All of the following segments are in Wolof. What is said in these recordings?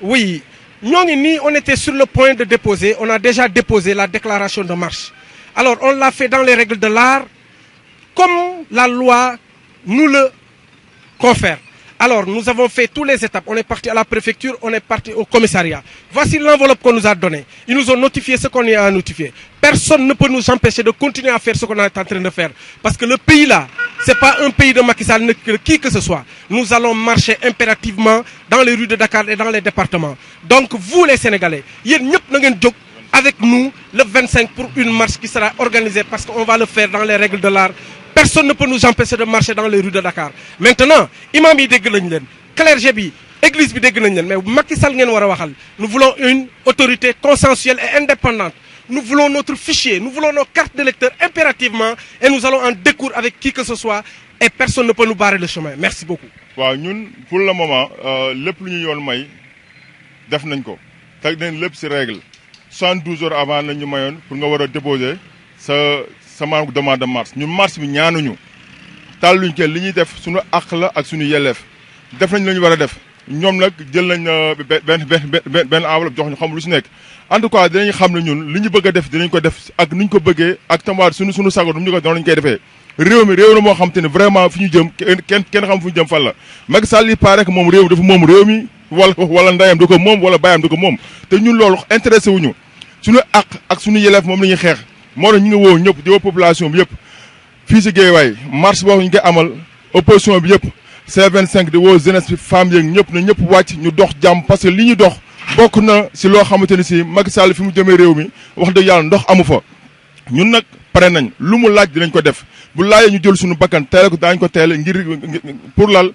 Oui, Nous, on était sur le point de déposer, on a déjà déposé la déclaration de marche. Alors on l'a fait dans les règles de l'art, comme la loi nous le confère. Alors nous avons fait toutes les étapes, on est parti à la préfecture, on est parti au commissariat. Voici l'enveloppe qu'on nous a donnée. Ils nous ont notifié ce qu'on a à Personne ne peut nous empêcher de continuer à faire ce qu'on est en train de faire. Parce que le pays là, ce n'est pas un pays de Macky Sall, qui que ce soit. Nous allons marcher impérativement dans les rues de Dakar et dans les départements. Donc vous les Sénégalais, avec nous le 25 pour une marche qui sera organisée parce qu'on va le faire dans les règles de l'art. Personne ne peut nous empêcher de marcher dans les rues de Dakar. Maintenant, imam yi clergé église bi mais Macky Sall nous voulons une autorité consensuelle et indépendante nous voulons notre fichier, nous voulons nos cartes d'électeurs impérativement et nous allons en découdre avec qui que ce soit et personne ne peut nous barrer le chemin. Merci beaucoup. waaw pour le moment euh, lépp lu ñu yoon may def nañ ko teg nañ lépp ci règle 72 heures avant nañ ñu mayoon pour nga nous avons déposer sa sa maanaam demande de marche ñun marche bi ñaanuñu tàlluñ kenn li fait. def suñu fait la ak suñu Nous def nañ lu ñu def. ñoom nag jël nañ euh, benn benn benn enveloppe jox ñu xamul lu si nekk en tout cas dinañ xam ne ñun li ñu bëgg def dinañ ko def ak ni ñu ko bëggee ak tamit suñu suñu sago nu mu ñu ko noonu lañ koy defee réew mi réew la moo xam te ne vraiment fi ñu jëm kenn kenn xam fu ñu jëm fan la Macky Sall yi pare que moom réew mi dafa moom réew mi wala wala ndayam du ko moom wala bàyyam du ko moom te ñun loolu intéressé wuñu suñu àq ak suñu yelleef moom la ñuy xeex moo tax ñu ngi woo ñëpp di woo population yëpp fii si Guédiawaye marche boo ñu koy amal opposition bi yëpp C25 di woo jeunesse bi femmes yeeg ñëpp na ñëpp wàcc ñu dox jàmm parce que li ñu dox bokk na si loo xamante ni si Macky Sall fi mu jëmee réew mi wax dëgg yàlla ndox amu fa. ñun nag pare nañ lu mu laaj dinañ ko def bu laajee ñu jël suñu bakkan teele ko daañu ko teele ngir pour lal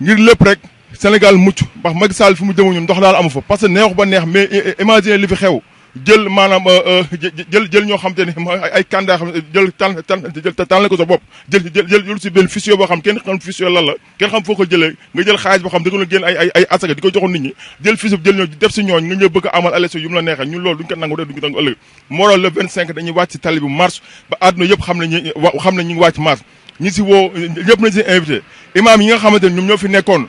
ngir lépp rek Sénégal mucc ndax Macky Sall fi mu jëmoo ñun ndox daal amu fa parce que neex ba neex mais imagine li fi xew. jël maanaam euh, euh, jël jël ñoo xam te ne ay candidat xam jël tànn jël tànn ko sa bopp jël jël jël si benn fichier boo xam kenn xam fichier lan la kenn xam foo ko nga jël xaalis boo xam da nga doon génn ay ay asaka di ko nit ñi jël fichier jël ñoo def si ñooñ nga ñëw bëgg a amal élection yu mu la neexee ñun loolu duñ ko nangu duñ ko nangu ëllëg moral le 25 dañuy wàcc si tali bi marche ba àdduna yëpp xam nañu xam ne ñu ngi wàcc marche ñi si woo ñëpp nañ si invité imam yi nga xamante ne ñoom ñoo